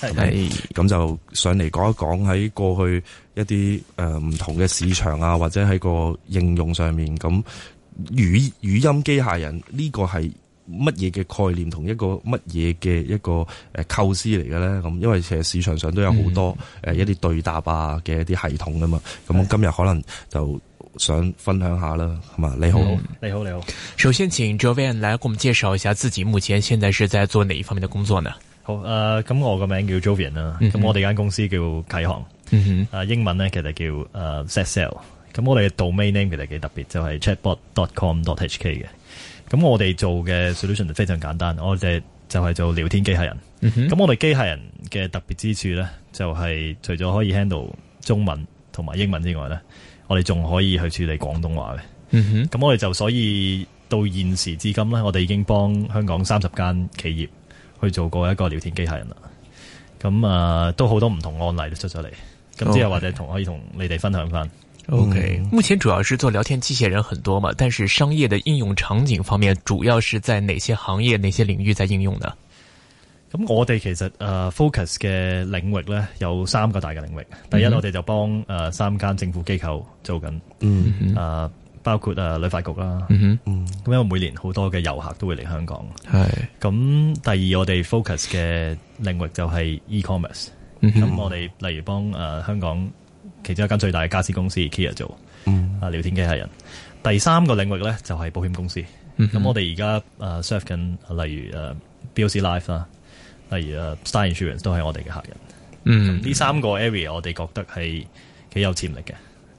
係咁是就上嚟講一講喺過去一啲誒唔同嘅市場啊，或者喺個應用上面咁、嗯、語語音機械人呢個係乜嘢嘅概念同一個乜嘢嘅一個誒構思嚟嘅咧？咁因為其實市場上都有好多誒、嗯呃、一啲對答啊嘅一啲系統噶嘛，咁、嗯、今日可能就想分享下啦。係嘛，你好，你好，你好。首先，請 Jovian 嚟我們介紹一下自己，目前現在是在做哪一方面嘅工作呢？好誒，咁、呃、我個名叫 Jovian 啦、mm，咁、hmm. 我哋間公司叫啟航，誒、mm hmm. 啊、英文咧其實叫誒、呃、Set Sail 咁我哋嘅 domain name 其實幾特別，就係、是、chatbot.com.hk 嘅。咁我哋做嘅 solution 非常簡單，我哋就係做聊天機器人。咁、mm hmm. 我哋機器人嘅特別之處咧，就係、是、除咗可以 handle 中文同埋英文之外咧，我哋仲可以去處理廣東話嘅。咁、mm hmm. 我哋就所以到現時至今咧，我哋已經幫香港三十間企業。去做過一個聊天機械人啦，咁啊、呃、都好多唔同案例出咗嚟。咁 Okay. 之後或者同可以同你哋分享翻。OK，、嗯、目前主要是做聊天機械人很多嘛，但是商業的應用場景方面，主要是在哪些行業、哪些領域在應用呢？咁我哋其實誒、呃、focus 嘅領域呢，有三個大嘅領域，第一、mm hmm. 我哋就幫誒、呃、三間政府機構做緊，嗯、呃、啊。Mm hmm. 包括啊旅發局啦，嗯哼，嗯，咁因為每年好多嘅遊客都會嚟香港，係，咁第二我哋 focus 嘅領域就係 e-commerce，咁我哋例如幫誒香港其中一間最大嘅家私公司 IKEA 做，嗯，啊聊天機器人，第三個領域咧就係保險公司，咁我哋而家誒 serve 緊例如誒 BOC Life 啦，例如誒 Star Insurance 都係我哋嘅客人，嗯，呢三個 area 我哋覺得係幾有潛力嘅。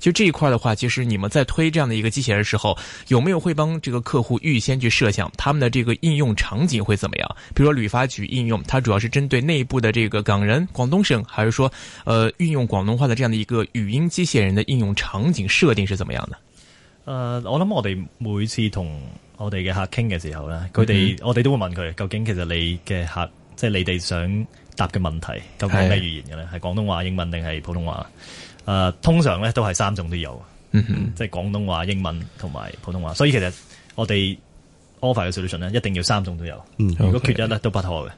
就這一塊的話，其實你們在推這樣的一個機器人的時候，有沒有會幫這個客戶預先去設想他們的這個應用場景會怎麼樣？比如說旅發局應用，它主要是針對內部的這個港人廣東省，還是說，呃，運用廣東話的這樣的一個語音機器人的應用場景設定是怎麼樣的？呃，我諗我哋每次同我哋嘅客傾嘅時候呢，佢哋我哋都會問佢，究竟其實你嘅客，即係你哋想答嘅問題，究竟係咩語言嘅呢？係廣東話、英文定係普通話？誒、啊、通常咧都係三種都有，嗯、哼即係廣東話、英文同埋普通話。所以其實我哋 offer 嘅 solution 一定要三種都有。嗯、如果缺一咧 Okay. 都不妥嘅。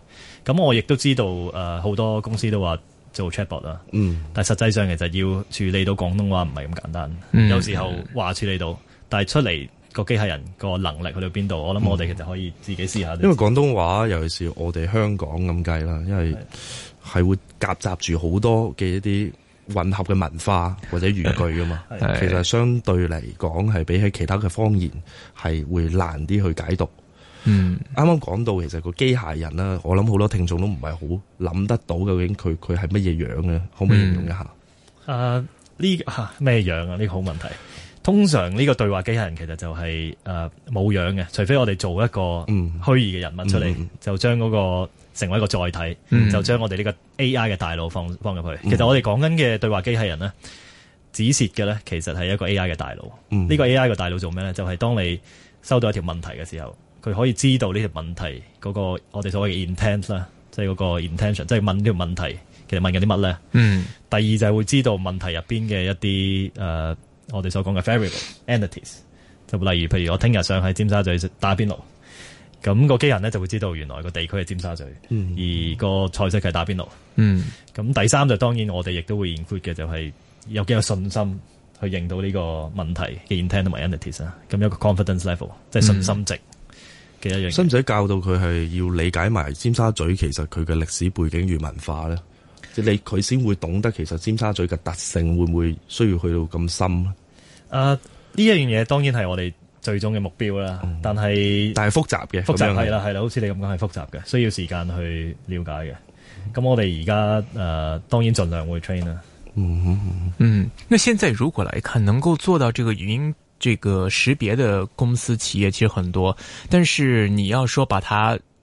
咁我亦都知道誒，好、呃、多公司都話做 chatbot、嗯、但係實際上其實要處理到廣東話唔係咁簡單。嗯、有時候話處理到，嗯、但係出嚟個機械人個能力去到邊度？我諗我哋其實可以自己試下。嗯、因為廣東話尤其是我哋香港咁計啦，因為係會夾雜住好多嘅一啲，混合嘅文化或者語句㗎嘛， 的其實相對嚟講係比起其他嘅方言係會難啲去解讀。嗯，啱啱講到其實個機械人啦，我諗好多聽眾都唔係好諗得到究竟佢佢係乜嘢樣嘅，嗯、可唔可以形容一下？誒，呢吓咩樣啊？呢、呢個啊啊呢個好問題。通常呢個對話機器人其實就係誒冇樣嘅，除非我哋做一個虛擬嘅人物出嚟，嗯、就將嗰、那個成為一個載體，嗯、就將我哋呢個 A I 嘅大腦放放入去。其實我哋講緊嘅對話機器人呢，指涉嘅呢，其實係一個 A I 嘅大腦。呢、嗯、個 A I 嘅大腦做咩呢？就係、是、當你收到一條問題嘅時候，佢可以知道呢條問題嗰、那個我哋所謂嘅 intent 啦，即係嗰個 intention，即係問呢條問題，其實問緊啲乜呢？嗯、第二就係會知道問題入邊嘅一啲誒。呃我哋所講嘅 variable entities，就例如譬如我聽日想喺尖沙咀打邊爐，咁、那個機器人咧就會知道原來個地區係尖沙咀，嗯、而個菜式係打邊爐。咁、嗯、第三就當然我哋亦都會 include 嘅就係有幾有信心去認到呢個問題嘅 intent 同埋 entities 啊，咁一個 confidence level 即係信心值嘅一樣。使唔使教到佢係要理解埋尖沙咀其實佢嘅歷史背景與文化咧？即係你佢先會懂得其實尖沙咀嘅特性會唔會需要去到咁深咧、啊？誒、啊，呢一樣嘢當然係我哋最終嘅目標啦。嗯、但係是但係複雜嘅，複雜係啦係啦，好似你咁講係複雜嘅，需要時間去了解嘅。咁、嗯、我哋而家誒，當然盡量會 train 啦、嗯。嗯嗯，嗯。那現在如果嚟看，能夠做到這個語音這個識別的公司企業其實很多，但是你要說把它。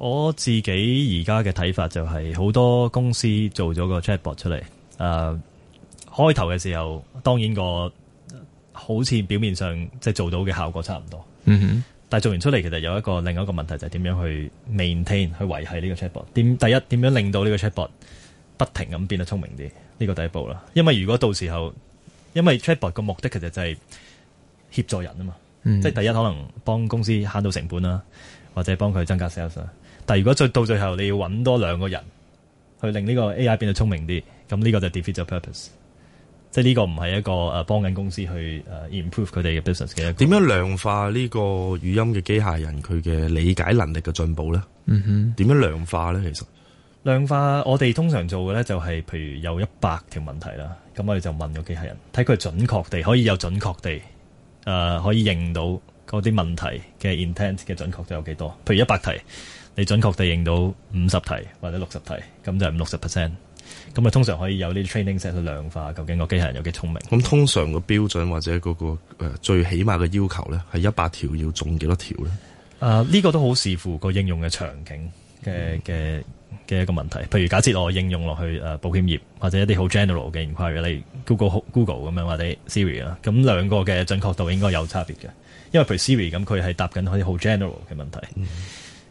我自己而家嘅睇法就係、是、好多公司做咗個 chatbot 出嚟，誒、呃、開頭嘅時候當然、那個好似表面上即係做到嘅效果差唔多，嗯哼。但係做完出嚟其實有一個另外一個問題就係點樣去 maintain 去維繫呢個 chatbot？點，第一點樣令到呢個 chatbot 不停咁變得聰明啲？呢、這個第一步啦，因為如果到時候因為 chatbot 個目的其實就係協助人啊嘛，嗯哼，即係第一可能幫公司慳到成本啦，或者幫佢增加 sales 啊。但如果最到最後，你要揾多兩個人去令呢個 A.I. 變得聰明啲，咁呢個就 defeat 咗 purpose，即係呢個唔係一個誒、啊、幫緊公司去誒 improve 佢哋嘅 business 嘅。點樣，mm hmm. 點樣量化呢個語音嘅機械人佢嘅理解能力嘅進步咧？嗯哼，點樣量化咧？其實量化我哋通常做嘅咧，就係譬如有一百條問題啦，咁我哋就問個機械人，睇佢準確地可以有準確地誒、呃、可以認到嗰啲問題嘅 intent 嘅準確度有幾多？譬如一百題。你準確地認到五十題或者六十題，咁就係五六十 percent。咁啊，通常可以有啲 training set 去量化究竟個機械人有幾聰明。咁、嗯、通常個標準或者嗰、那個、呃、最起碼嘅要求咧，係一百條要中幾多條咧？誒、啊，呢、這個都好視乎個應用嘅場景嘅嘅嘅一個問題。譬如假設我應用落去誒保險業或者一啲好 general 嘅範圍，你 Go Google Google 咁樣或者 Siri 啦，咁兩個嘅準確度應該有差別嘅。因為譬如 Siri 咁，佢係答緊可以好 general 嘅問題。嗯。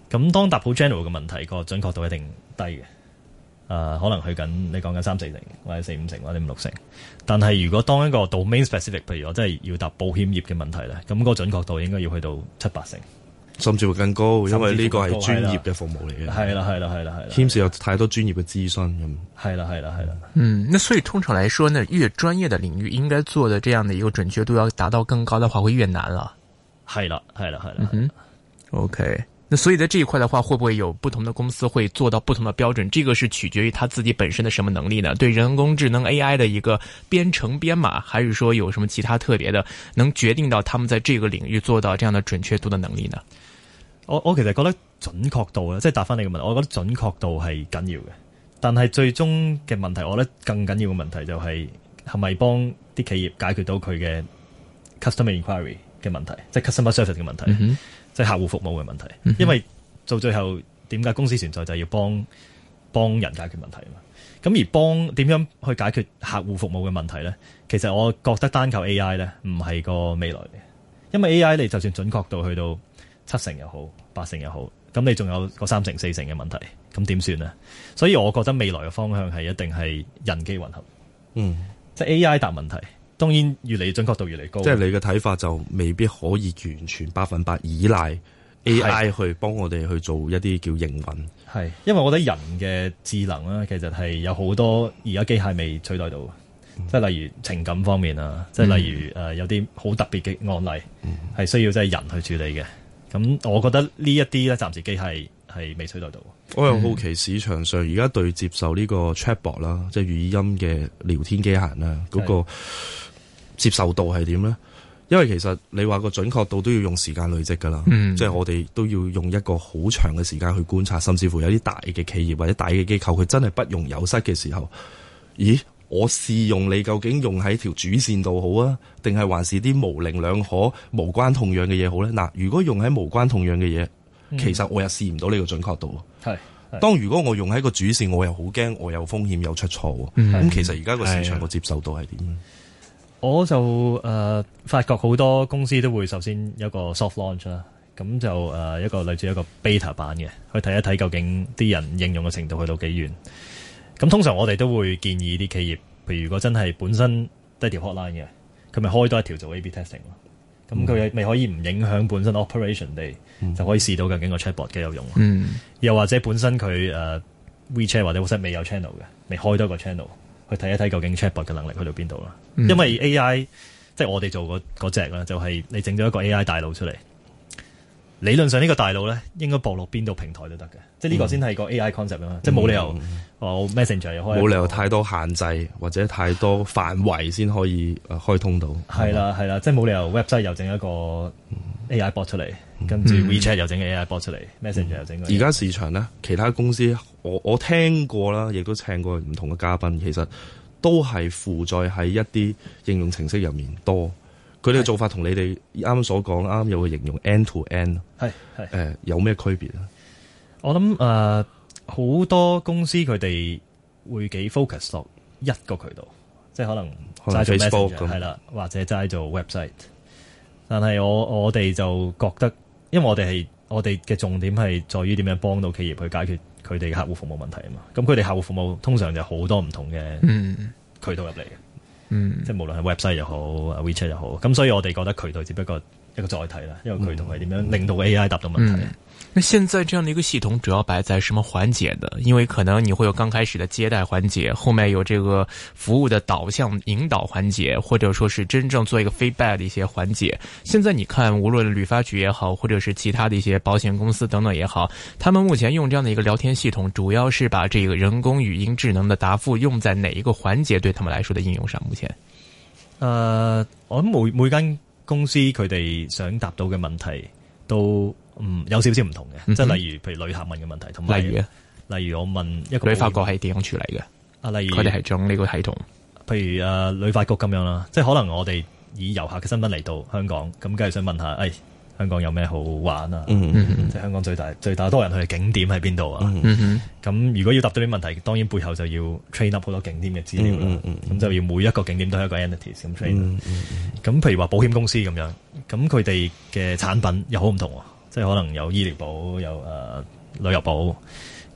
咁當答好 general 嘅問題，個準確度一定低嘅。誒、呃，可能去緊你講緊三四成，或者四五成，或者五六成。但係如果當一個 domain specific，譬如我真係要答保險業嘅問題咧，咁、個準確度應該要去到七八成，甚至會更高，因為呢個係專業嘅服務嚟嘅。係啦，係啦，係啦，係啦。牽涉有太多專業嘅諮詢咁。係啦，係啦，係啦。嗯，那所以通常嚟講呢，越專業嘅領域，應該做嘅這樣嘅一個準確度要達到更高嘅話，會越難啦。係啦，係啦，係啦。嗯，OK。那所以在這一塊的話，會不會有不同的公司會做到不同的標準？這個是取決於他自己本身的什麼能力呢？對人工智能 AI 的一個編程編碼，還是說有什麼其他特別的，能決定到他們在這個領域做到這樣的準確度的能力呢？我我其實覺得準確度咧，即係答翻你個問題，我覺得準確度係緊要嘅。但係最終嘅問題，我覺得更緊要嘅問題就係係咪幫啲企業解決到佢嘅 customer inquiry 嘅問題，即係 customer service 嘅問題。Mm hmm. 即係客戶服務嘅問題，因為做最後點解公司存在就係要幫幫人解決問題啊嘛？咁而幫點樣去解決客戶服務嘅問題呢？其實我覺得單靠 AI 呢，唔係個未來嘅，因為 AI 你就算準確度去到七成又好、八成又好，咁你仲有個三成四成嘅問題，咁點算呢？所以我覺得未來嘅方向係一定係人機混合，嗯，即係 AI 答問題。當然越嚟準確度越嚟高，即係你嘅睇法就未必可以完全百分百依賴 AI 是的 去幫我哋去做一啲叫營運。係，因為我覺得人嘅智能啦，其實係有好多而家機械未取代到，即係、嗯、例如情感方面啊，即係、嗯、例如誒有啲好特別嘅案例，係需要即係人去處理嘅。咁、嗯、我覺得呢一啲咧暫時機械係未取代到。我又好奇市場上而家對接受呢個 chatbot 啦，即係語音嘅聊天機械啦，嗰、嗯那個。接受度係點呢？因為其實你話個準確度都要用時間累積噶啦，嗯、即係我哋都要用一個好長嘅時間去觀察，甚至乎有啲大嘅企業或者大嘅機構，佢真係不容有失嘅時候，咦？我試用你究竟用喺條主線度好啊，定係還是啲模棱兩可、無關痛癢嘅嘢好呢？嗱、呃，如果用喺無關痛癢嘅嘢，嗯、其實我又試唔到呢個準確度。係、嗯、當如果我用喺個主線，我又好驚我有風險有出錯。咁其實而家個市場個接受度係點？嗯我就誒、呃、發覺好多公司都會首先有一個 soft launch 啦，咁就誒一個類似一個 beta 版嘅，去睇一睇究竟啲人應用嘅程度去到幾遠。咁通常我哋都會建議啲企業，譬如如果真係本身得條 hotline 嘅，佢咪開多一條做 A/B testing 咯。咁佢未可以唔影響本身 operation 哋，嗯、就可以試到究竟個 chatbot 幾有用。嗯、又或者本身佢誒、呃、wechat 或者 WhatsApp 未有 channel 嘅，未開多個 channel。去睇一睇究竟 chatbot 嘅能力去到邊度啦，嗯、因為 AI 即係我哋做嗰隻啦，就係、是、你整咗一個 AI 大腦出嚟。理論上呢個大腦咧，應該駁落邊度平台都得嘅，即係呢個先係個 AI concept 啊，嗯，即係冇理由、嗯、哦 message 又開到，冇理由太多限制或者太多範圍先可以開通到。係啦係啦，即係冇理由 Website 又整一個 AI bot 出嚟，跟住，嗯嗯、WeChat 又整個 AI bot 出嚟，嗯、message 又整、嗯。而家市場呢，其他公司我我聽過啦，亦都請過唔同嘅嘉賓，其實都係附載喺一啲應用程式入面多。佢哋嘅做法同你哋啱啱所講，啱啱有個形容 end to end，係係誒有咩區別啊？我諗誒好多公司佢哋會幾 focus 落一個渠道，即係可能齋做 Facebook 咁，係啦，或者齋做 website。但係我我哋就覺得，因為我哋係我哋嘅重點係在於點樣幫到企業去解決佢哋嘅客戶服務問題啊嘛。咁佢哋客戶服務通常就好多唔同嘅渠道入嚟嘅。嗯嗯，即係無論係 website 又好，WeChat 又好，咁所以我哋覺得渠道只不過一個載體啦，因為渠道係點樣令到 AI 答到問題。嗯嗯嗯那現在這樣的一個系統主要擺在什麼環節呢？因為可能你會有剛開始的接待環節，後面有這個服務的導向引導環節，或者說是真正做一個 feedback 的一些環節。現在你看，無論旅發局也好，或者是其他的一些保險公司等等也好，他們目前用這樣的一個聊天系統，主要是把這個人工語音智能的答復用在哪一個環節？對他們來說的應用上，目前，呃，我們每每間公司，佢哋想達到嘅問題都。嗯，有少少唔同嘅，即係例如，譬如旅客問嘅問題，同埋，例如啊，例如我問一個，旅發局係點樣處理嘅？啊，例如，佢哋係將呢個系統，譬如誒，旅、呃、發局咁樣啦，即係可能我哋以遊客嘅身份嚟到香港，咁梗係想問下，誒、哎，香港有咩好玩啊？嗯嗯嗯嗯，即係香港最大最大多人去嘅景點喺邊度啊？嗯咁、嗯嗯、如果要答到啲問題，當然背後就要 train up 好多景點嘅資料啦。嗯咁、嗯嗯嗯嗯、就要每一個景點都係一個 entities 咁，咁譬如話保險公司咁樣，咁佢哋嘅產品又好唔同、啊。即係可能有醫療保，有誒、呃、旅遊保，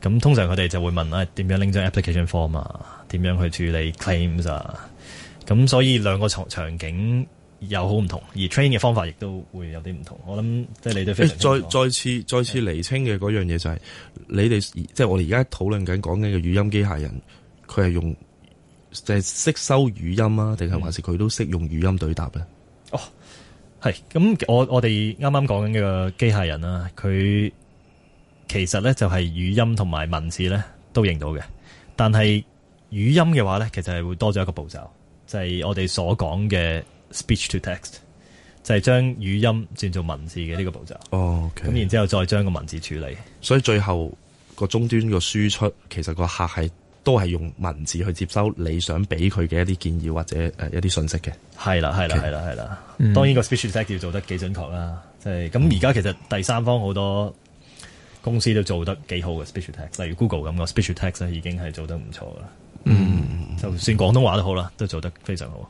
咁通常佢哋就會問咧點、哎、樣拎張 application form 啊，點樣去處理 claims 啊，咁所以兩個場景有好唔同，而 train 嘅方法亦都會有啲唔同。我諗即係你都非常。誒、欸，再再次再次釐清嘅嗰樣嘢就係、是，嗯、你哋即係我哋而家討論緊講緊嘅語音機械人，佢係用即係識收語音啊，定係還是佢都識用語音對答咧？嗯係咁，我我哋啱啱講緊呢個機械人啦，佢其實咧就係語音同埋文字咧都認到嘅。但係語音嘅話咧，其實係會多咗一個步驟，就係我哋所講嘅 speech to text，就係將語音轉做文字嘅呢個步驟。哦，ok 咁然之後再將個文字處理。所以最後個終端個輸出，其實個客係。都係用文字去接收你想俾佢嘅一啲建議或者誒一啲信息嘅。係啦，係啦，係啦 Okay.，係啦。當然個 speech to text 要做得幾準確啦，即係咁而家其實第三方好多公司都做得幾好嘅 speech to text，例如 Google 咁、mm. 個 speech to text 咧已經係做得唔錯啦。嗯，mm. 就算廣東話都好啦，都做得非常好。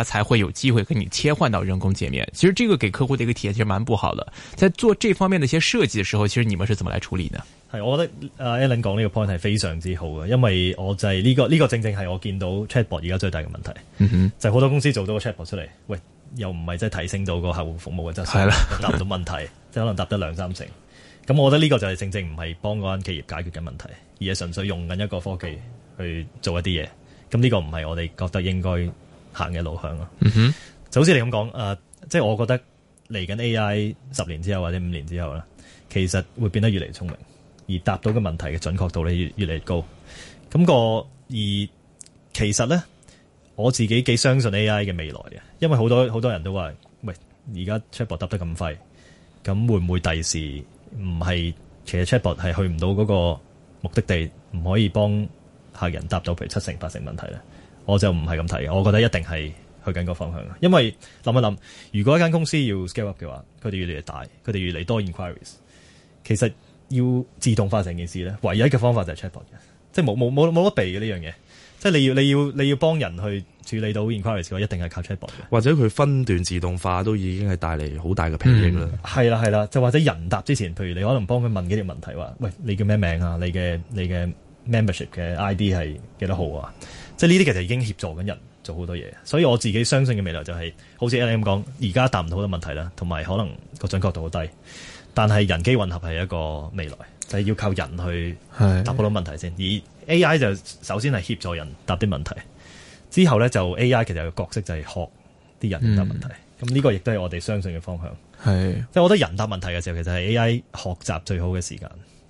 才會有機會跟你切換到人工界面。其實這個給客戶的一個體驗其實蠻不好的。在做這方面的一些設計的時候，其實你們是怎麼來處理呢？係我覺得阿 Alan 講呢個 point 係非常之好嘅，因為我就係呢、呢個呢、呢個正正係我見到 Chatbot 而家最大嘅問題，嗯、哼就係好多公司做到個 Chatbot 出嚟，喂又唔係真係提升到個客戶服務嘅質素，係啦的，答唔到問題， 即係可能答得兩三成。咁我覺得呢個就係正正唔係幫嗰間企業解決嘅問題，而係純粹用緊一個科技去做一啲嘢。咁呢個唔係我哋覺得應該。行嘅路向咯，嗯、哼就好似你咁講，誒，即係我覺得嚟緊 A I 十年之後或者五年之後啦，其實會變得越嚟越聰明，而答到嘅問題嘅準確度咧越越嚟越高。咁個而其實咧，我自己幾相信 A I 嘅未來嘅，因為好多好多人都話，喂，而家 Chatbot 答得咁快，咁會唔會第時唔係其實 Chatbot 係去唔到嗰個目的地，唔可以幫客人答到譬如七成八成問題咧？我就唔係咁睇，我覺得一定係去緊個方向，因為諗一諗，如果一間公司要 scale up 嘅話，佢哋越嚟越大，佢哋越嚟多 inquiries，其實要自動化成件事咧，唯一嘅方法就係 chatbot 嘅，即係冇冇冇冇得避嘅呢樣嘢，即係你要你要你要幫人去處理到 inquiries 嘅，一定係靠 chatbot 嘅。或者佢分段自動化都已經係帶嚟好大嘅平益啦。係啦係啦，就或者人答之前，譬如你可能幫佢問幾條問題，話喂，你叫咩名啊？你嘅你嘅 membership 嘅 ID 係幾多號啊？即係呢啲其實已經協助緊人做好多嘢，所以我自己相信嘅未來就係、是、好似阿 M 講，而家答唔到好多問題啦，同埋可能個準確度好低。但係人機混合係一個未來，就係、是、要靠人去答好多問題先。是而 AI 就首先係協助人答啲問題，之後咧就 AI 其實個角色就係學啲人答問題。咁呢、嗯、個亦都係我哋相信嘅方向。係是，即係我覺得人答問題嘅時候，其實係 AI 學習最好嘅時間。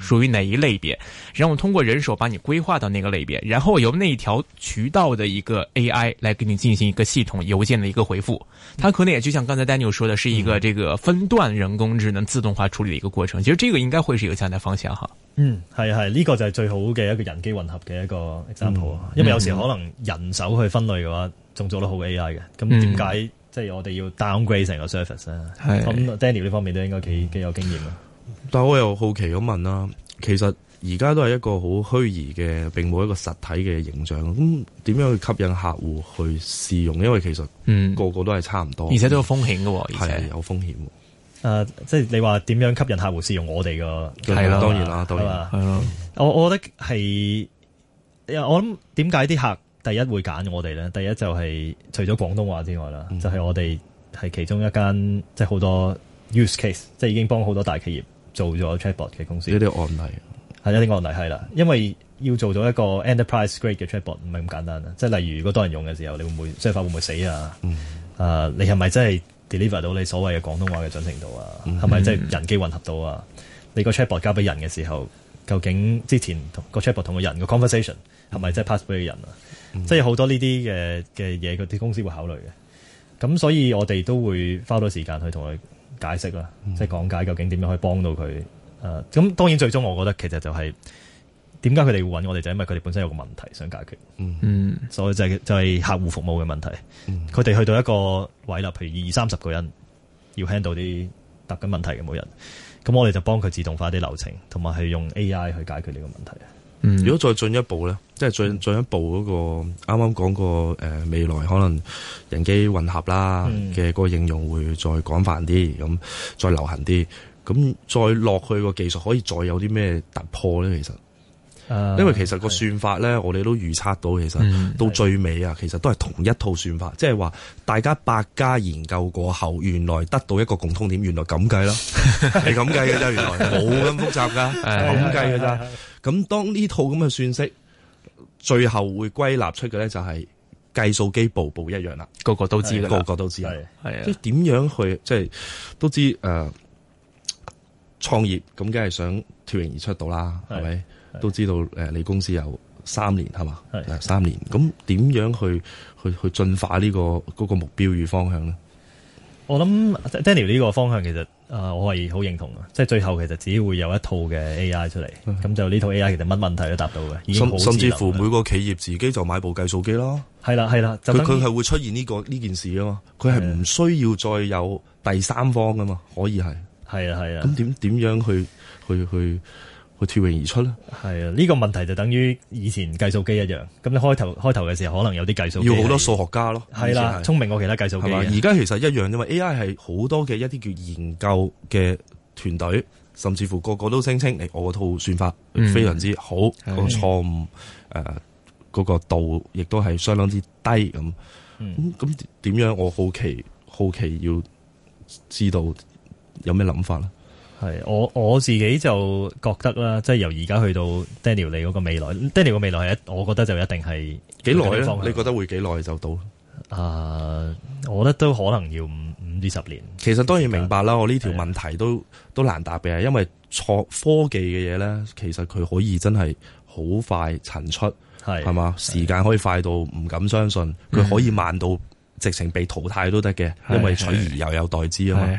屬於哪一類別，然後通過人手把你規劃到那個類別，然後由那一條渠道的一個 AI 來給你進行一個系統郵件的一個回覆它可能也就像剛才 Daniel 說的，是一個這個分段人工智能自動化處理的一個過程。嗯、其實這個應該會是有這樣的方向哈。嗯，係系，呢、呢個就係最好嘅一個人機混合嘅一個 example，嗯，因為有時可能人手去分類嘅話，仲做得好過 AI 嘅。咁點解即係我哋要 downgrade 成個 service 呢？咁，嗯、Daniel 呢方面都應該幾幾、嗯、有經驗啊。但係我又好奇咁問啦，其實而家都係一個好虛擬嘅，並冇一個實體嘅形象。咁點樣去吸引客戶去試用？因為其實個個都係差唔多，嗯，而且都有風險嘅。係啊，有風險。誒，啊，即係你話點樣吸引客戶試用我哋嘅？係啦係啊，當然啦，係啊當然係咯。我我覺得係，我諗點解啲客第一會揀我哋咧？第一就係、是、除咗廣東話之外啦，嗯，就係我哋係其中一間，即係好多 use case，即係已經幫好多大企業。做咗 Chatbot 嘅公司，有啲案例，係有啲案例係啦，因為要做到一個 Enterprise Grade 嘅 Chatbot 唔係咁簡單啊，即係例如如果多人用嘅時候，你會唔會算法會唔會死啊？嗯，啊，你係咪真係 deliver 到你所謂嘅廣東話嘅準程度啊？係咪即係人機混合度啊？嗯、你個 Chatbot 交俾人嘅時候，究竟之前同個 Chatbot 同個人嘅 conversation 係咪即係 pass 俾人啊？即係好多呢啲嘅嘅嘢，嗰啲公司會考慮嘅。咁所以我哋都會花好多時間去同佢。解釋啦，即係講解究竟點樣可以幫到佢。誒、呃，咁當然最終我覺得其實就係點解佢哋會搵我哋，就係、因為佢哋本身有個問題想解決。嗯，所以就係、就係、係、客戶服務嘅問題。佢哋、嗯、去到一個位立，譬如二三十個人要 handle 啲特級問題嘅每人，咁我哋就幫佢自動化啲流程，同埋係用 AI 去解決呢個問題。如果再進一步咧，即係進進一步嗰個，啱啱講過誒，未來可能人機混合啦嘅嗰個應用會再廣泛啲，咁再流行啲，咁再落去個技術可以再有啲咩突破咧？其實，因為其實個算法咧，我哋都預測到，其實到最尾啊，其實都係同一套算法，即係話大家百家研究過後，原來得到一個共通點，原來咁計咯，係咁計嘅啫，原來冇咁複雜噶，咁計噶咋。咁當呢套咁嘅算式，最後會歸納出嘅咧就係計數機步步一樣啦，個個都知，係，個個都知係。係啊，即係點樣去即係都知誒，創業咁梗係想脫穎而出到啦，係咪？都知道誒，你公司有三年係嘛，係三年。咁點樣去去去進化呢個嗰個目標與方向咧？我諗 Daniel 呢個方向其實。啊！我係好認同啊，即係最後其實只會有一套嘅 AI 出嚟，咁、嗯、就呢套 AI 其實乜問題都答到嘅，甚甚至乎每個企業自己就買部計數機咯。係啦係啦，就佢佢係會出現呢、這個呢件事啊嘛，佢係唔需要再有第三方噶嘛，可以係。係啊係啊，咁點點樣去去去？去會脫穎而出咧，係啊！呢、這個問題就等於以前計數機一樣。咁你開頭開頭嘅時候，可能有啲計數機要好多數學家咯，係啦、啊，聰明過其他計數機。而家其實一樣，因為 AI 係好多嘅一啲叫研究嘅團隊，甚至乎個個都聲稱：誒，我套算法非常之好，嗯、個錯誤誒嗰個度亦都係相當之低咁。咁咁點樣？我好奇好奇要知道有咩諗法啦。係我我自己就覺得啦，即、就、係、是、由而家去到 Daniel 你嗰個未來，Daniel 個未來係一，我覺得就一定係幾耐你覺得會幾耐就到？誒、啊，我覺得都可能要五五至十年。其實當然明白啦，我呢條問題都的都難答嘅，因為錯科技嘅嘢咧，其實佢可以真係好快陳出，係係嘛？的時間可以快到唔敢相信，佢的可以慢到直情被淘汰都得嘅，的因為取而又有，有，有代之啊嘛。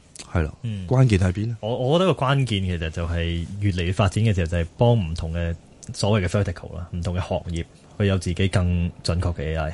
係咯，嗯、關鍵喺邊呢？我我覺得個關鍵其實就係、是就是、越嚟越發展嘅時候，就係幫唔同嘅所謂嘅 vertical 啦，唔同嘅行業去有自己更準確嘅 AI。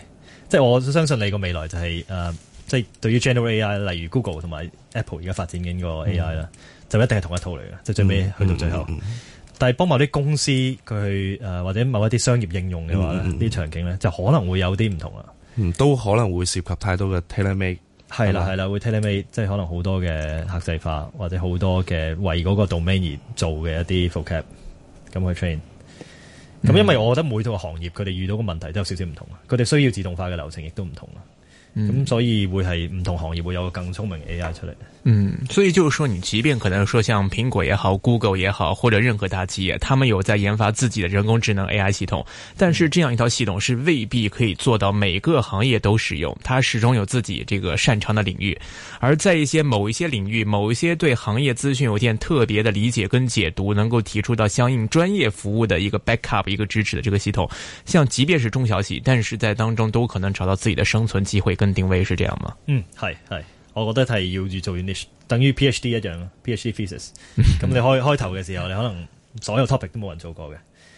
即、就、係、是、我相信你個未來就係、是、誒、即、呃、係、就是、對於 general AI，例如 Google 同埋 Apple 而家發展緊個 AI 啦、嗯，就一定係同一套嚟嘅，就是、最尾去到最後。嗯嗯嗯、但係幫某啲公司佢誒、呃、或者某一啲商業應用嘅話呢啲、嗯嗯、場景咧就可能會有啲唔同啊、嗯。都可能會涉及太多嘅 tailor-make。係啦，係啦，會睇你咪即係可能好多嘅客製化，或者好多嘅為嗰個 domain 而做嘅一啲複 cap，咁去 train。咁 tra 因為我覺得每套行業，佢哋遇到嘅問題都有少少唔同啊，佢哋需要自動化嘅流程亦都唔同啊。咁、嗯、所以會係唔同行業會有更聰明的 AI 出嚟。嗯，所以就是說，你即便可能說，像蘋果也好，Google 也好，或者任何大企業，他們有在研發自己的人工智能 AI 系統，但是這樣一套系統是未必可以做到每個行業都使用，它始終有自己這個擅長的領域，而在一些某一些領域，某一些對行業資訊有點特別的理解跟解讀，能夠提出到相應專業服務的一個 backup 一個支持的這個系統，像即便是中小企業，但是在當中都可能找到自己的生存機會跟，定位是這樣嗎？嗯，係係，我覺得係要做完等於 PhD 一樣，PhD thesis 咁你開 開頭嘅時候，你可能所有 topic 都冇人做過嘅，咁、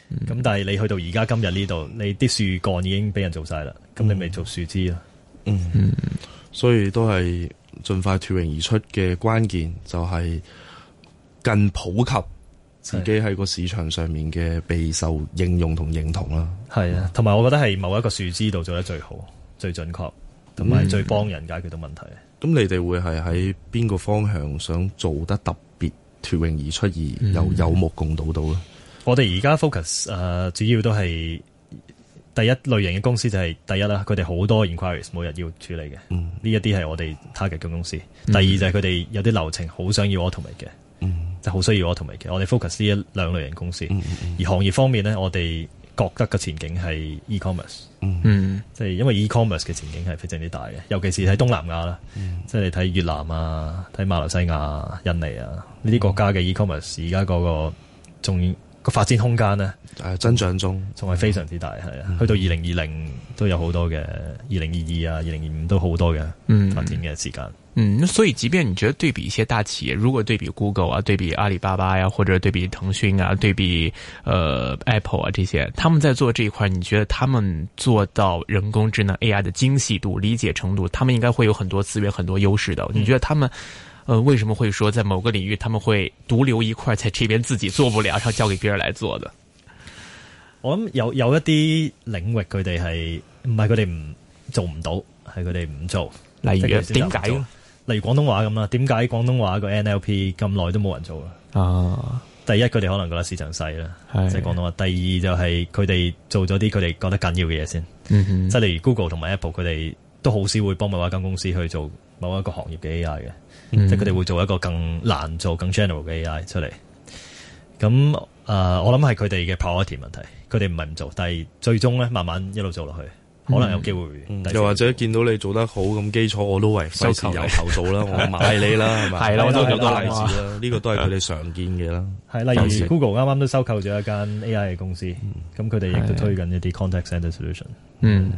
嗯、但係你去到而家今日呢度，你啲樹幹已經俾人做晒啦，咁你咪做樹枝啊？嗯嗯，嗯嗯，所以都係盡快脫穎而出嘅關鍵，就係、是、更普及自己喺個市場上面嘅備受應用同認同啦。係啊，同埋、啊嗯、我覺得係某一個樹枝度做得最好、最準確。同埋最幫人解決到問題。咁、嗯、你哋會係喺邊個方向想做得特別脫穎而出而又、嗯、有目共睹到咧？我哋而家 focus 誒、呃，主要都係第一類型嘅公司就係、是、第一啦。佢哋好多 inquiries 每日要處理嘅，呢一啲係我哋 target 嘅公司。嗯、第二就係佢哋有啲流程好想要 automate 嘅，嗯、就好需要 automate 嘅。我哋 focus 呢一兩類型公司，嗯嗯嗯嗯、而行業方面呢，我哋。覺得嘅前景係 e-commerce，嗯，即係因為 e-commerce 嘅前景係非常之大嘅，尤其是喺東南亞啦，即係你睇越南啊、睇馬來西亞啊、印尼啊呢啲國家嘅 e-commerce 而家嗰個仲發展空間呢，係增長中，仲係非常之大，係、嗯、啊！去到二零二零都有好多嘅，二零二二啊，二零二五都好多嘅，發展嘅時間。嗯，所以即便你覺得對比一些大企業，如果對比 Google 啊，對比阿里巴巴呀、啊，或者對比騰訊啊，對比、呃、Apple 啊，這些，他們在做這一塊，你覺得他們做到人工智能 AI 的精細度、理解程度，他們應該會有很多資源、很多優勢的。你覺得他們？嗯誒、呃，為什麼會說在某個領域他們會獨留一塊在這邊自己做不了，然後交給別人來做的？我諗有有一啲領域佢哋係唔係佢哋唔做唔到，係佢哋唔做。例如點解？何例如廣東話咁啦，點解廣東話個 NLP 咁耐都冇人做啦？啊、哦，第一佢哋可能覺得市場細啦，即係是廣東話。第二就係佢哋做咗啲佢哋覺得緊要嘅嘢先，即係、嗯、哼例如 Google 同埋 Apple 佢哋都好少會幫某一間公司去做某一個行業嘅 AI 嘅。即係佢哋會做一個更難做、更 general 嘅 AI 出嚟。咁誒，我諗係佢哋嘅 priority 問題。佢哋唔係唔做，但係最終咧，慢慢一路做落去，可能有機會。又或者見到你做得好咁基礎，我都為收錢有投訴啦，我賣你啦，係咪？係啦，都有個例子啦。呢個都係佢哋常見嘅啦。係例如 Google 啱啱都收購咗一間 AI 嘅公司，咁佢哋亦都推緊一啲 contact center solution。嗯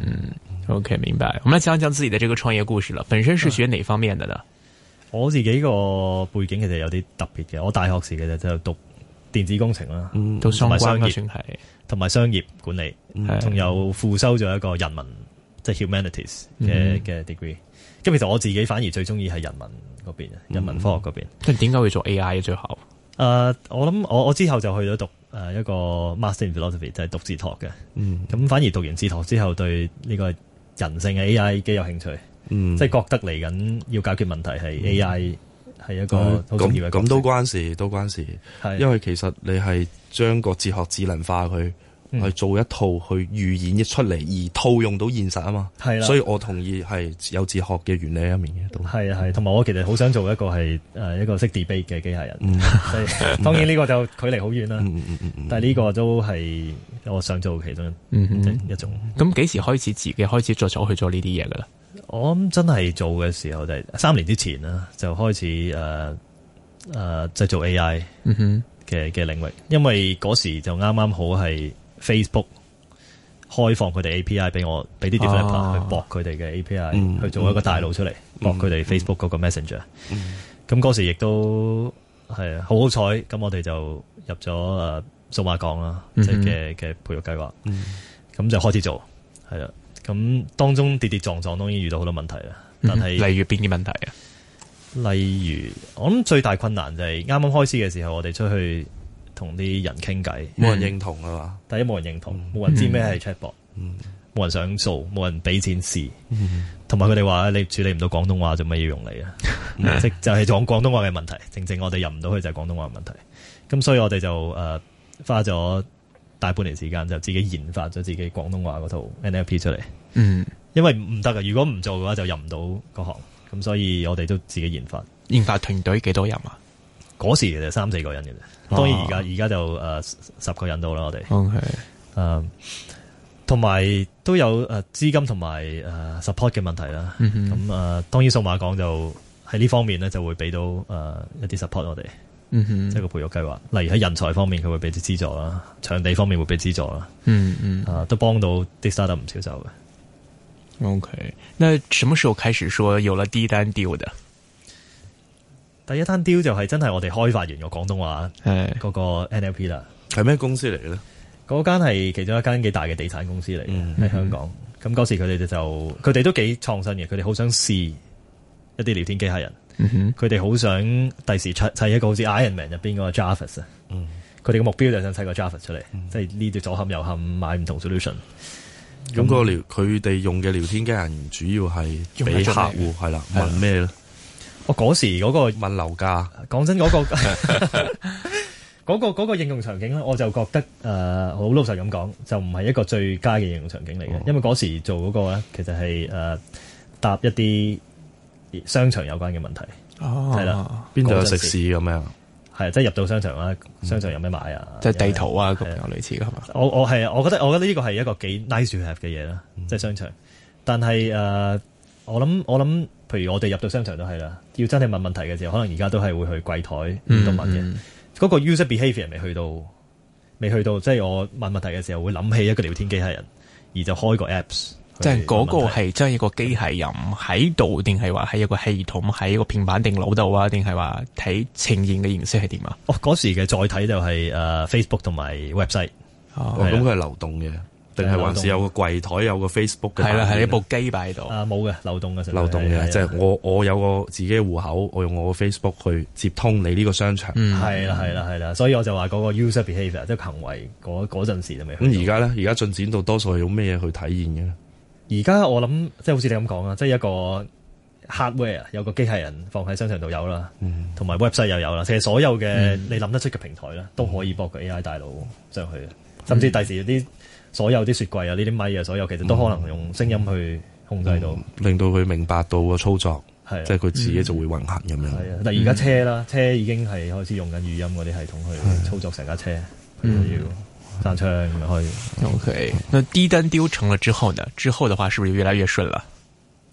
，OK，明白。我們來講講自己的呢個創業故事了。本身是學哪方面的呢？我自己個背景其實有啲特別嘅，我大學時其實就讀電子工程啦，同埋、嗯、商業，同埋係商業管理，仲、嗯、有副修咗一個人文，即係 humanities 嘅嘅、嗯、degree。咁其實我自己反而最中意係人文嗰邊，嗯、人文科學嗰邊。咁點解會做 AI 最後、uh？誒，我諗我我之後就去咗讀誒一個 master in philosophy，就係讀哲學嘅。咁、嗯、反而讀完哲學之後，對呢個人性嘅 AI 幾有興趣。 即係覺得嚟緊要解決問題係 AI 係一個咁都關事，都關事。因為其實你係將個哲學智能化去，去做一套去預演出嚟，而套用到現實啊嘛。所以我同意係有哲學嘅原理一面嘅。係同埋我其實好想做一個係誒一個識 debate 嘅機械人。當然呢個就距離好遠啦，但係呢個都係我想做其中一一種。咁幾時開始自己開始着手去做呢啲嘢噶啦？我諗真係做嘅時候就係三年之前啦，就開始誒誒、呃呃，就是，做 AI 嘅嘅領域，mm hmm. 因為嗰時就啱啱好係 Facebook 開放佢哋 API 俾我，俾啲 developer 去搏佢哋嘅 API，去做一個大佬出嚟搏佢哋 Facebook 嗰個 Messenger。咁嗰時亦都係好好彩，咁我哋就入咗誒數碼港啦，即係嘅嘅培育計劃，咁、mm hmm. 就開始做係啦。咁當中跌跌撞撞，當然遇到好多問題啦。但係例如邊啲問題啊？例如,例如我諗最大困難就係啱啱開始嘅時候，我哋出去同啲人傾偈，冇人認同噶嘛。第一冇人認同，冇、嗯、人知咩係 Chatbot，冇人想做，冇人俾錢試，同埋佢哋話你處理唔到廣東話做乜要用你啊？即、嗯、哼 就係講廣東話嘅問題，正正我哋入唔到去就係廣東話問題。咁所以我哋就誒花咗。大半年時間就自己研發咗自己廣東話嗰套 NLP 出嚟，嗯，因為唔得噶，如果唔做嘅話就入唔到個行，咁所以我哋都自己研發。研發團隊幾多人，人啊？嗰時就三四個人嘅啫，當然而家而家就誒十、呃、個人到啦，我哋 Okay.、呃。嗯，係、呃。同埋都有誒資金同埋誒 support 嘅問題啦。咁誒、嗯哼呃，當然數碼港就喺呢方面咧就會俾到誒、呃、一啲 support 我哋。即係、嗯、個培育計劃，例如喺人才方面佢會俾啲資助啦，場地方面會俾資助啦，嗯嗯，啊都幫到啲 startup 唔少手嘅。O K，那什麼時候開始說有了第一單 deal 的？第一單 deal 就係真係我哋開發完個廣東話，嗰個 NLP 啦。係咩公司嚟嘅？嗰間係其中一間幾大嘅地產公司嚟，喺、嗯嗯嗯、香港。咁嗰時佢哋就，佢哋都幾創新嘅，佢哋好想試一啲聊天機械人。佢哋好想第時砌一個好似 Iron Man 入邊嗰個 Jarvis 啊，嗯，佢哋嘅目標就想砌個 Jarvis 出嚟，即係呢啲左冚右冚買唔同 solution。咁個聊，佢哋用嘅聊天機器人主要係俾客戶係啦問咩咧？我嗰時嗰個問樓價，講真嗰個嗰個嗰個應用場景咧，我就覺得誒好老實咁講，就唔係一個最佳嘅應用場景嚟嘅，因為嗰時做嗰個咧，其實係誒搭一啲。商場有關嘅問題，係啦、啊，邊度的有食肆咁樣，係即係入到商場啦。商場有咩買啊、嗯？即係地圖啊，咁樣為類似噶嘛。我我係，我覺得我覺得呢個係一個幾 nice app 嘅嘢啦，嗯、即係商場。但係誒、呃，我諗我諗，譬如我哋入到商場都係啦，要真係問問題嘅時候，可能而家都係會去櫃台度問嘅。嗰、嗯嗯、個 user behavior 未去到，未去到，即、就、係、是、我問問題嘅時候會諗起一個聊天機器人，而就開個 apps。即係嗰個係即一個機械人喺度，定係話喺一個系統喺一個平板電腦度啊？定係話睇呈現嘅形式係點啊？哦，嗰時嘅載體就係誒 Facebook 同埋 website 咁佢係流動嘅，定係還是有個櫃台有個 Facebook 嘅？係啦，係一部機擺喺度，冇嘅，流動嘅，流動嘅，即係我我有個自己嘅戶口，我用我嘅 Facebook 去接通你呢個商場。嗯，係啦，係啦，係啦，所以我就話嗰個 user behavior 即係行為嗰嗰陣時係咪？咁而家咧，而家進展到多數係用咩嘢去體驗嘅？而家我諗，即係好似你咁講啊，即係一個 hardware 有個機械人放喺商場度有啦，同埋 website 又有啦。其實所有嘅、嗯、你諗得出嘅平台咧，都可以駁個 AI 大佬上去。嗯、甚至第時啲所有啲雪櫃啊、呢啲咪啊，所有，所有其實都可能用聲音去控制到，嗯嗯、令到佢明白到個操作，即係佢自己就會運行咁樣。但而家車啦，車已經係開始用緊語音嗰啲系統去操作成架車，要。散場咁樣開，OK、嗯。那低單丟成咗之後呢？之後嘅話是唔係越嚟越順啦？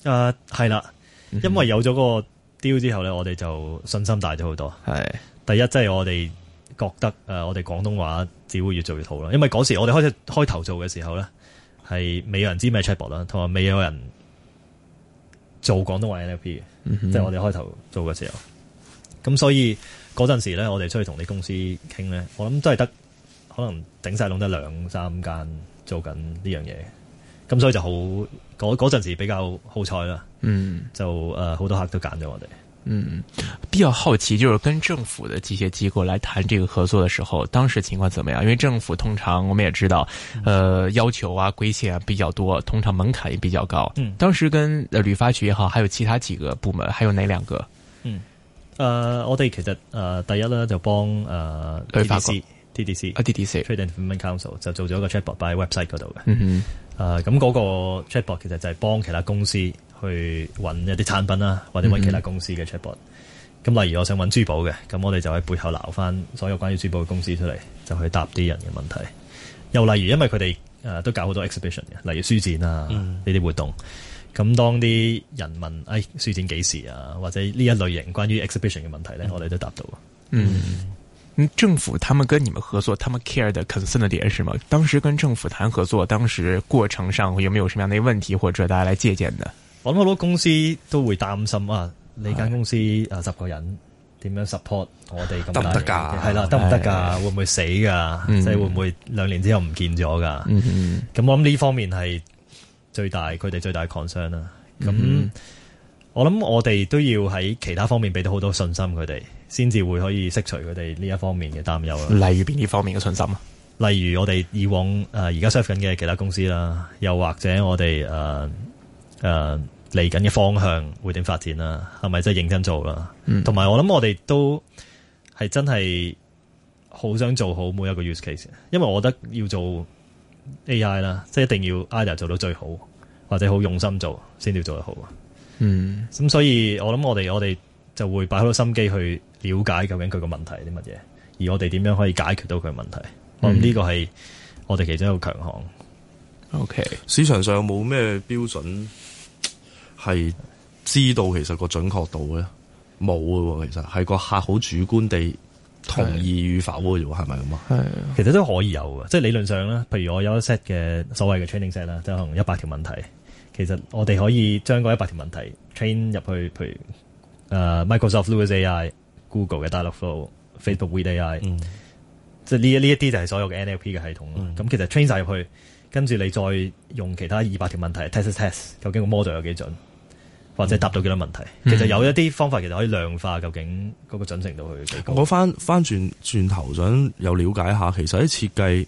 誒、呃，係啦，因為有咗個丟之後咧，嗯、哼我哋就信心大咗好多。係、嗯哼，第一即係、就是、我哋覺得誒、呃，我哋廣東話只會越做越好啦。因為嗰時我哋開始開頭做嘅時候咧，係未有人知咩 Chatbot 啦，同埋未有人做廣東話 NLP 嘅、嗯哼，即係我哋開頭做嘅時候。咁所以嗰陣時咧，我哋出去同啲公司傾咧，我諗都係得。可能頂晒籠得兩三間做緊呢樣嘢，咁所以就好嗰、嗰陣時比較好彩啦。嗯、就，就誒好多客都揀咗我哋。嗯，比較好奇，就係跟政府嘅機械機構嚟談這個合作嘅時候，當時情況怎麼樣？因為政府通常我們也知道，誒、呃，要求啊，規限啊比較多，通常門檻也比較高。嗯，當時跟旅，呃呃，發局也好，還有其他幾個部門，還有哪兩個？嗯、誒、呃，我哋其實誒、呃，第一咧就幫誒旅發局。TDC 啊，TDC，Trade Development Council 就做咗一個 chatbot 喺 website 嗰度嘅。誒、mm，咁、hmm. 嗰、uh, 個 chatbot 其實就係幫其他公司去揾一啲產品啦、啊，或者揾其他公司嘅 chatbot。咁、mm hmm. 例如我想揾珠寶嘅，咁我哋就喺背後撈翻所有關於珠寶嘅公司出嚟，就去答啲人嘅問題。又例如，因為佢哋誒都搞好多 exhibition 嘅，例如書展啊呢啲、mm hmm. 活動。咁當啲人問誒、哎、書展幾時啊，或者呢一類型關於 exhibition 嘅問題咧，mm hmm. 我哋都答到。嗯、mm。Hmm. 政府他們跟你們合作，他們 care 的 concern 的點是什麼？當時跟政府談合作，當時過程上有沒有什麼樣嘅問題，或者大家來借鑑呢？我諗好多公司都會擔心、哎、啊，你間公司啊十個人點樣 support 我哋咁大？得唔得噶？係啦，得唔得噶？哎、會唔會死噶？嗯、即係會唔會兩年之後唔見咗噶？咁、嗯、哼 我諗呢方面係最大，佢哋最大嘅 concern 啦、嗯哼 啊。咁我諗我哋都要喺其他方面俾到好多信心佢哋。先至會可以釋除佢哋呢一方面嘅擔憂啦。例如邊啲方面嘅信心啊？例如我哋以往誒而家 serve 緊嘅其他公司啦，又或者我哋誒誒嚟緊嘅方向會點發展啦？係咪真係認真做啦？同埋、嗯、我諗我哋都係真係好想做好每一個 use case，因為我覺得要做 AI 啦，即係一定要 idea 做到最好，或者好用心做先至做得好啊。嗯。咁所以我諗我哋我哋。就會擺好多心機去了解究竟佢個問題係啲乜嘢，而我哋點樣可以解決到佢問題？嗯，我諗呢個係我哋其中一個強項。OK。市場上有冇咩標準係知道其實個準確度嘅？冇嘅喎，其實係個客好主觀地同意與否啫，喎係咪咁啊？係。係。係。其實都可以有嘅，即係理論上咧。譬如我有一 set 嘅所謂嘅 training set 啦，即係可能一百條問題，其實我哋可以將嗰一百條問題 train 入去，譬如。誒 Microsoft Luis AI, Flow, AI,、嗯、Luis AI、Google 嘅 Dialogflow、Facebook Wit AI，即係呢一呢一啲就係所有嘅 NLP 嘅系統咁、嗯、其實 train 晒入去，跟住你再用其他二百條問題 test test，究竟個 model 有幾準，或者答到幾多問題？嗯、其實有一啲方法其實可以量化究竟嗰個準程度去幾高。我翻翻轉轉頭想又了解下，其實喺設計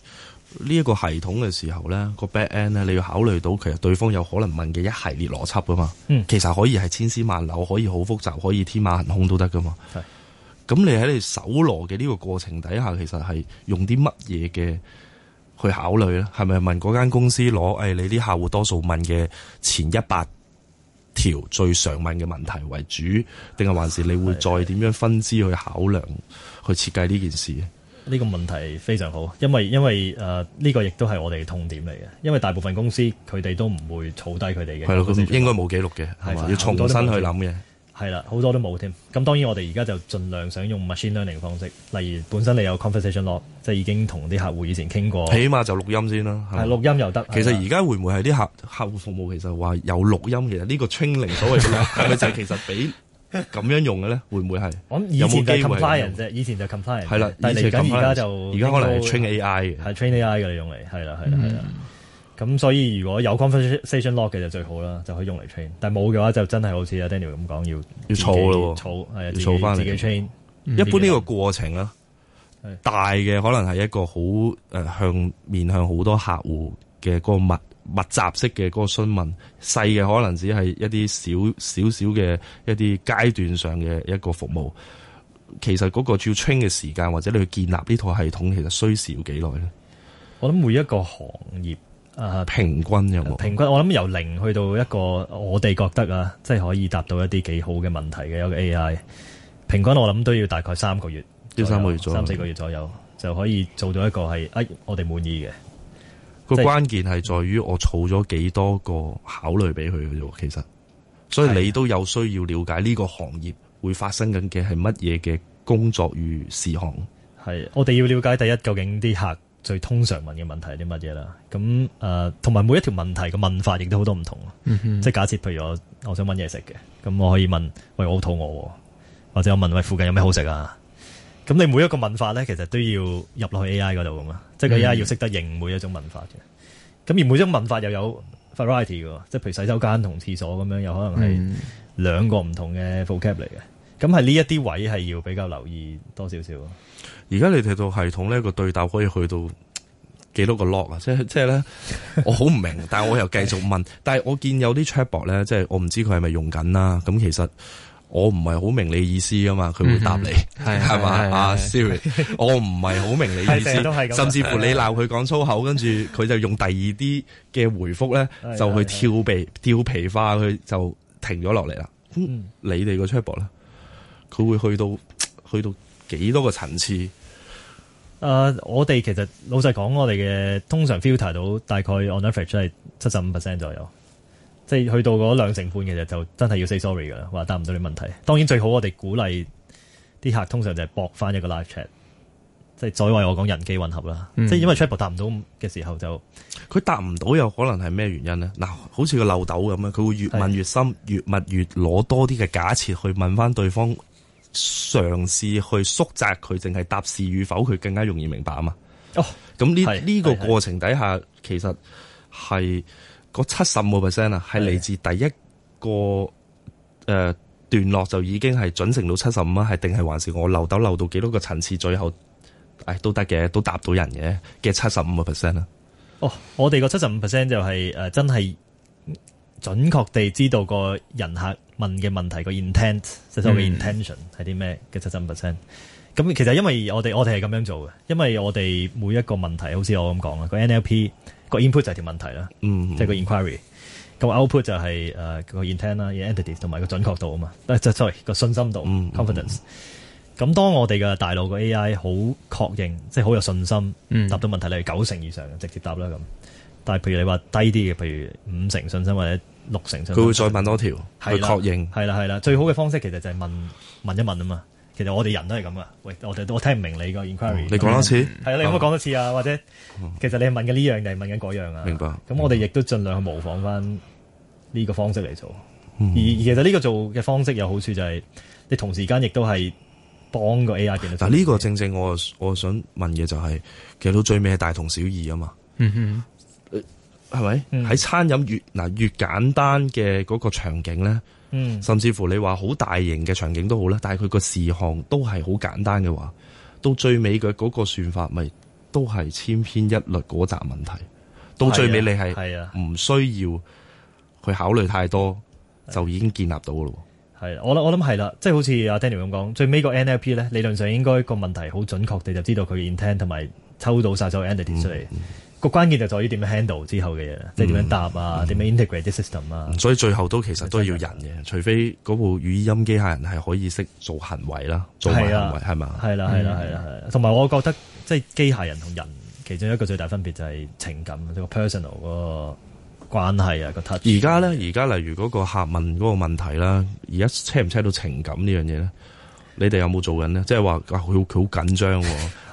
呢一個系統嘅時候咧，個 back end 咧，你要考慮到其實對方有可能問嘅一系列邏輯噶嘛，嗯、其實可以係千絲萬縷，可以好複雜，可以天馬行空都得噶嘛。係是，咁你喺你搜羅嘅呢個過程底下，其實係用啲乜嘢嘅去考慮咧？係咪問嗰間公司攞？誒、哎，你啲客戶多數問嘅前一百條最常問嘅問題為主，定係還是你會再點樣分支去考量是去設計呢件事？呢個問題非常好，因為因為誒呢個亦都係我哋嘅痛點嚟嘅，因為大部分公司佢哋都唔會儲低佢哋嘅，係咯，應該冇記錄嘅，係嘛？要重新去諗嘅，係啦，好多都冇添。咁當然我哋而家就盡量想用 machine learning 嘅方式，例如本身你有 conversation log，即係已經同啲客戶以前傾過，起碼就錄音先啦。係錄音又得。其實而家會唔會係啲客客戶服務其實話有錄音，嘅？其實呢個清零所謂嘅，就 其實比。咁 樣用嘅咧，會唔會係？我諗以前就 confine 人啫，以前就 confine 人。係啦，但係嚟緊而家就而家可能 train AI 嘅，係 train AI 嘅用嚟，係啦，係啦，係啦。咁、嗯、所以如果有 conversation log 嘅就最好啦，就可以用嚟 train。但係冇嘅話就真係好似阿 Daniel 咁講，要要措咯，措係措翻嚟。自己 train。一般呢個過程啦、啊，大嘅可能係一個好誒向面向好多客戶嘅規模。密集式嘅嗰個詢問，細嘅可能只係一啲少少少嘅一啲階段上嘅一個服務。其實嗰個要 train 嘅時間，或者你去建立呢套系統，其實需時要幾耐咧？我諗每一個行業，誒、啊，平均有冇？平均，我諗由零去到一個，我哋覺得啊，即係可以達到一啲幾好嘅問題嘅一個 AI。平均我諗都要大概三個月，三個月左右，三四個月左右就可以做到一個係，誒、啊，啊、我哋滿意嘅。個即關鍵係在於我儲咗幾多個考慮俾佢嘅啫，其實，所以你都有需要了解呢個行業會發生緊嘅係乜嘢嘅工作與事項。係，我哋要了解第一，究竟啲客最通常問嘅問題係啲乜嘢啦？咁誒，同、呃、埋每一條問題嘅問法亦都好多唔同。即係、嗯、哼假設，譬如我我想問嘢食嘅，咁我可以問：喂，我好肚餓，或者我問喂，附近有咩好食呀？咁你每一個問法咧，其實都要入落去 A I 嗰度噶嘛，嗯、即係 A I 要識得認每一種問法嘅。咁、嗯、而每一種問法又有 variety 嘅，即係譬如洗手間同廁所咁樣，有可能係兩個唔同嘅 f 副 cap 嚟嘅。咁係呢一啲位係要比較留意多少少。而家你睇到系統呢個對答可以去到幾多個 lock 啊？即係即係咧，我好唔明， 但我又繼續問。 但係我見有啲 chatbot 咧，即係我唔知佢係咪用緊啦。咁其實。我唔係好明你意思啊嘛，佢會答你係係嘛，阿 Siri，我唔係好明你意思，甚至乎你鬧佢講粗口，跟住佢就用第二啲嘅回覆咧，就去跳皮、跳皮化，佢就停咗落嚟啦。你哋個 trouble 咧，佢會去到去到幾多個層次？誒,我哋其實老實講，我哋嘅通常 filter 到大概 on average 係七十五 percent 左右。即係去到嗰兩成半其實就真係要 say sorry 㗎啦，話答唔到你問題。當然最好我哋鼓勵啲客，通常就係博翻一個 live chat，即係再為我講人機混合啦。即係、嗯、因為 t r i p p 答唔到嘅時候就佢答唔到，有可能係咩原因呢？嗱，好似個漏斗咁樣，佢會越問越深，是越問越攞多啲嘅假設去問翻對方，嘗試去縮窄佢，淨係答是與否，佢更加容易明白啊嘛。哦，咁呢呢個過程底下是其實係。個七十五 percent 啊，係嚟自第一個誒是的、呃、段落就已經係準成到七十五啊，係定係還是我漏斗漏到幾多個層次最後，誒、哎、都得嘅，都答到人嘅嘅七十五個 percent 啦。啊、哦，我哋個七十五 percent 就係、是、誒、呃、真係準確地知道個人客問嘅問題、那個 intent，即係所謂 intention 係啲咩、嗯、嘅七十五 percent。咁、那個、其實因為我哋我哋係咁樣做嘅，因為我哋每一個問題，好似我咁講啦，那個 NLP。個 input 就係條問題啦，即係個 inquiry。個、hmm. 個 output 就係誒個 intent 啦，entity 同埋個準確度啊嘛。即、uh, 係 sorry 個信心度 confidence、mm。咁、hmm. 當我哋嘅大腦個 AI 好確認，即係好有信心，mm hmm. 答到問題你係、就是、九成以上直接答啦咁。但係譬如你話低啲嘅，譬如五成信心或者六成信心，佢會再問多條去確認。係啦係啦，啦，最好嘅方式其實就係問問一問啊嘛。其實我哋人都係咁啊！喂，我哋都我聽唔明你個 inquiry、嗯。你講多次，係啊、嗯，你可唔可以講多次啊？嗯、或者，其實你係問嘅呢樣定係問嘅嗰樣啊？明白。咁、嗯、我哋亦都盡量去模仿翻呢個方式嚟做。嗯、而其實呢個做嘅方式有好處就係、是，你同時間亦都係幫個 A I。嗱，呢個正正我我想問嘅就係、是，其實到最尾係大同小異啊嘛。嗯係咪喺餐飲越嗱越簡單嘅嗰個場景咧？嗯，甚至乎你話好大型嘅場景都好啦，但係佢個事項都係好簡單嘅話，到最尾嘅嗰個算法，咪都係千篇一律嗰集問題。到最尾你係係啊，唔需要去考慮太多，啊、就已經建立到咯。係我諗，我諗係啦，即係好似阿 Daniel 咁講，最尾個 NLP 咧，理論上應該個問題好準確地就知道佢 intent 同埋抽到晒所有 entity 出嚟，嗯。嗯個關鍵就在於點樣 handle 之後嘅嘢，嗯、即、嗯、係點樣答啊，點樣 integrate 啲 system 啊。所以最後都其實都係要人嘅，除非嗰部語音機械人係可以識做行為啦，做行為係嘛？係啦係啦係啦係。同埋吧，嗯、我覺得即係機械人同人其中一個最大分別就係情感即、就是、個 personal 個關係啊個 touch。而家咧，而家例如嗰個客問嗰個問題啦，而家 check 唔 check 到情感呢樣嘢咧？你哋有冇做緊呢？即係話佢好緊張，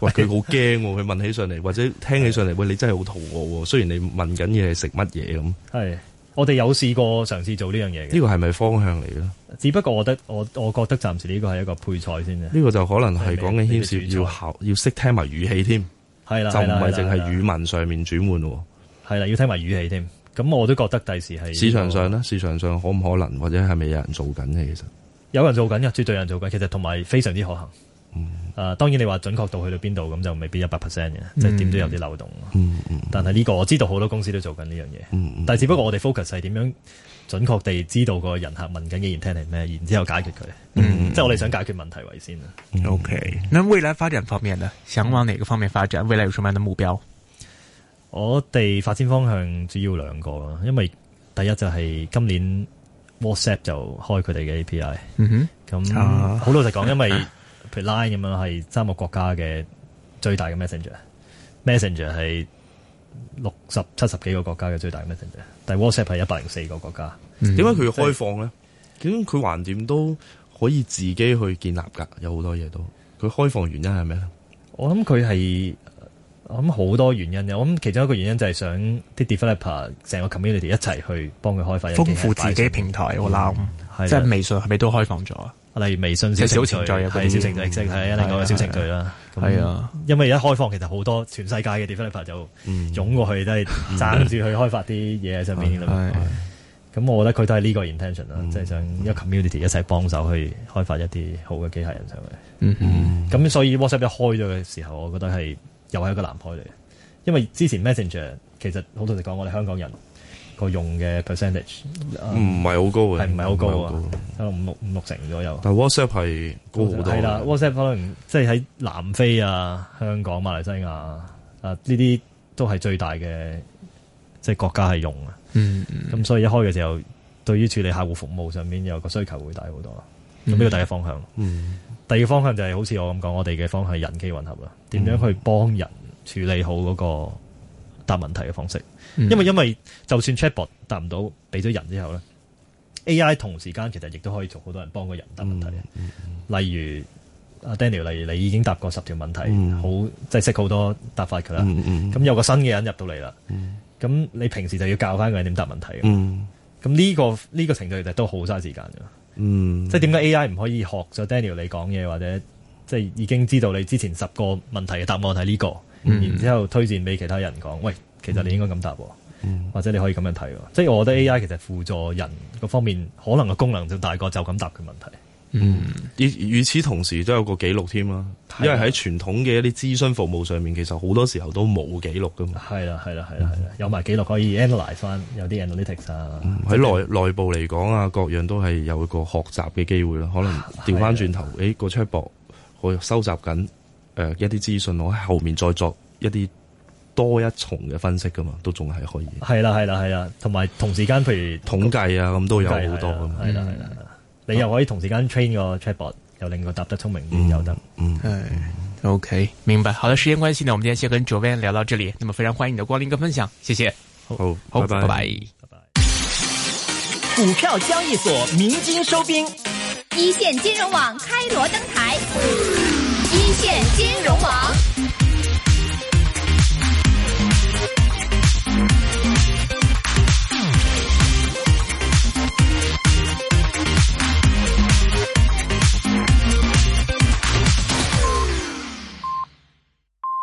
喂佢好驚，佢 問起上嚟，或者聽起上嚟， 喂你真係好肚餓，雖然你問緊嘢係食乜嘢咁。係，我哋有試過嘗試做呢樣嘢嘅。呢個係咪方向嚟咧？只不過我覺得我我覺得暫時呢個係一個配菜先嘅。呢個就可能係講緊牽涉要要，要識聽埋語氣添。係啦的，就唔係淨係語文上面轉換咯。係啦，要聽埋語氣添。咁我都覺得第時係市場上咧，市場上可唔可能或者係咪有人做緊嘅？其實。有人做緊嘅，絕對有人做緊，其實同埋非常之可行。誒、啊，當然你話準確度去到邊度咁就未必一百 percent 嘅，嗯、即係點都有啲漏洞。嗯嗯、但係呢個我知道好多公司都做緊呢樣嘢。嗯嗯、但係只不過我哋 focus 係點樣準確地知道個人客問緊嘅聆聽係咩，然之後解決佢。嗯、即係我哋想解決問題為先。OK，咁未來發展方面呢？想往哪個方面發展？未來有什麼樣的目標？我哋發展方向主要兩個咯，因為第一就係今年。WhatsApp 就開佢哋嘅 API，咁好老實講，因為譬如 Line 咁樣係三個國家嘅最大嘅 Messenger，Messenger 係六十七十幾個國家嘅最大嘅 Messenger，但係 WhatsApp 係一百零四個國家，點解佢要開放咧？咁佢橫掂都可以自己去建立噶，有好多嘢都，佢開放原因係咩咧？我諗佢係。咁好多原因嘅，我諗其中一個原因就係想啲 developer 成個 community 一齊去幫佢開發一，豐富自己平台我、嗯是啊、即係微信係咪都開放咗？例如微信小程序，係小程序，即係你講嘅小程序啦。係啊，啊啊啊啊因為一開放，其實好多全世界嘅 developer 就湧過去，都係爭住去開發啲嘢喺上邊。咁我覺得佢都係呢個 intention 啦，即係想一 community 一齊幫手去開發一啲、嗯、 是好嘅機械人上去。咁、嗯、 所以 WhatsApp 一開咗嘅時候，我覺得係。又係一個藍海嚟，因為之前 Messenger 其實好多人講我哋香港人個用嘅 percentage 唔係好高嘅，係唔係好高啊？高五六五六成左右。但 WhatsApp 係高好多，係啦。WhatsApp 可能即係喺南非啊、香港、馬來西亞啊呢啲都係最大嘅即係國家係用啊。咁、嗯嗯、所以一開嘅時候，對於處理客戶服務上面有個需求會大好多，咁呢、嗯、個第一方向。嗯。第二方向就係、是、好似我咁講，我哋嘅方向係人機混合啦，點樣去幫人處理好嗰個答問題嘅方式？嗯、因為因為就算 Chatbot 答唔到，俾咗人之後咧，AI 同時間其實亦都可以做好多人幫個人答問題。嗯嗯嗯、例如阿 Daniel，例如你已經答過十條問題，好、嗯、即係識好多答法㗎啦。咁、嗯嗯、有個新嘅人入到嚟啦，咁、嗯、你平時就要教翻佢點答問題。咁呢、嗯嗯呢個呢、呢個程序其實都好嘥時間㗎。嗯，即係點解 AI 唔可以學咗 Daniel 你講嘢，或者即係已經知道你之前十個問題嘅答案係呢個，嗯，然之後推薦俾其他人講，喂，其實你應該咁答，嗯，或者你可以咁樣睇，即係我覺得 AI 其實輔助人嗰方面可能嘅功能就大過就咁答佢問題。嗯，與此同時都有個記錄添啦。因為喺傳統嘅一啲諮詢服務上面，其實好多時候都冇記錄噶嘛。係啦係啦係啦，有埋記錄可以 analyse 翻，有啲 analytics 啊。喺內內部嚟講啊，各樣都係有個學習嘅機會咯。可能調翻轉頭，誒個 chatbot，我收集緊誒一啲資訊，我喺後面再作一啲多一重嘅分析噶嘛，都仲係可以。係啦係啦係啦，同埋同時間譬如統計啊咁都有好多噶嘛。係啦係啦。你又可以同時間 train 個 chatbot，又令個答得聰明啲，嗯、又得、嗯，嗯，係、哎，OK，明白。好啦，時間關係呢，我們今日先跟卓 o 聊到這裏，咁啊，非常歡迎你的光臨跟分享，謝謝，好，好，拜拜，拜拜，股票交易所明金收兵，一線金融網開鑼登台，一線金融網。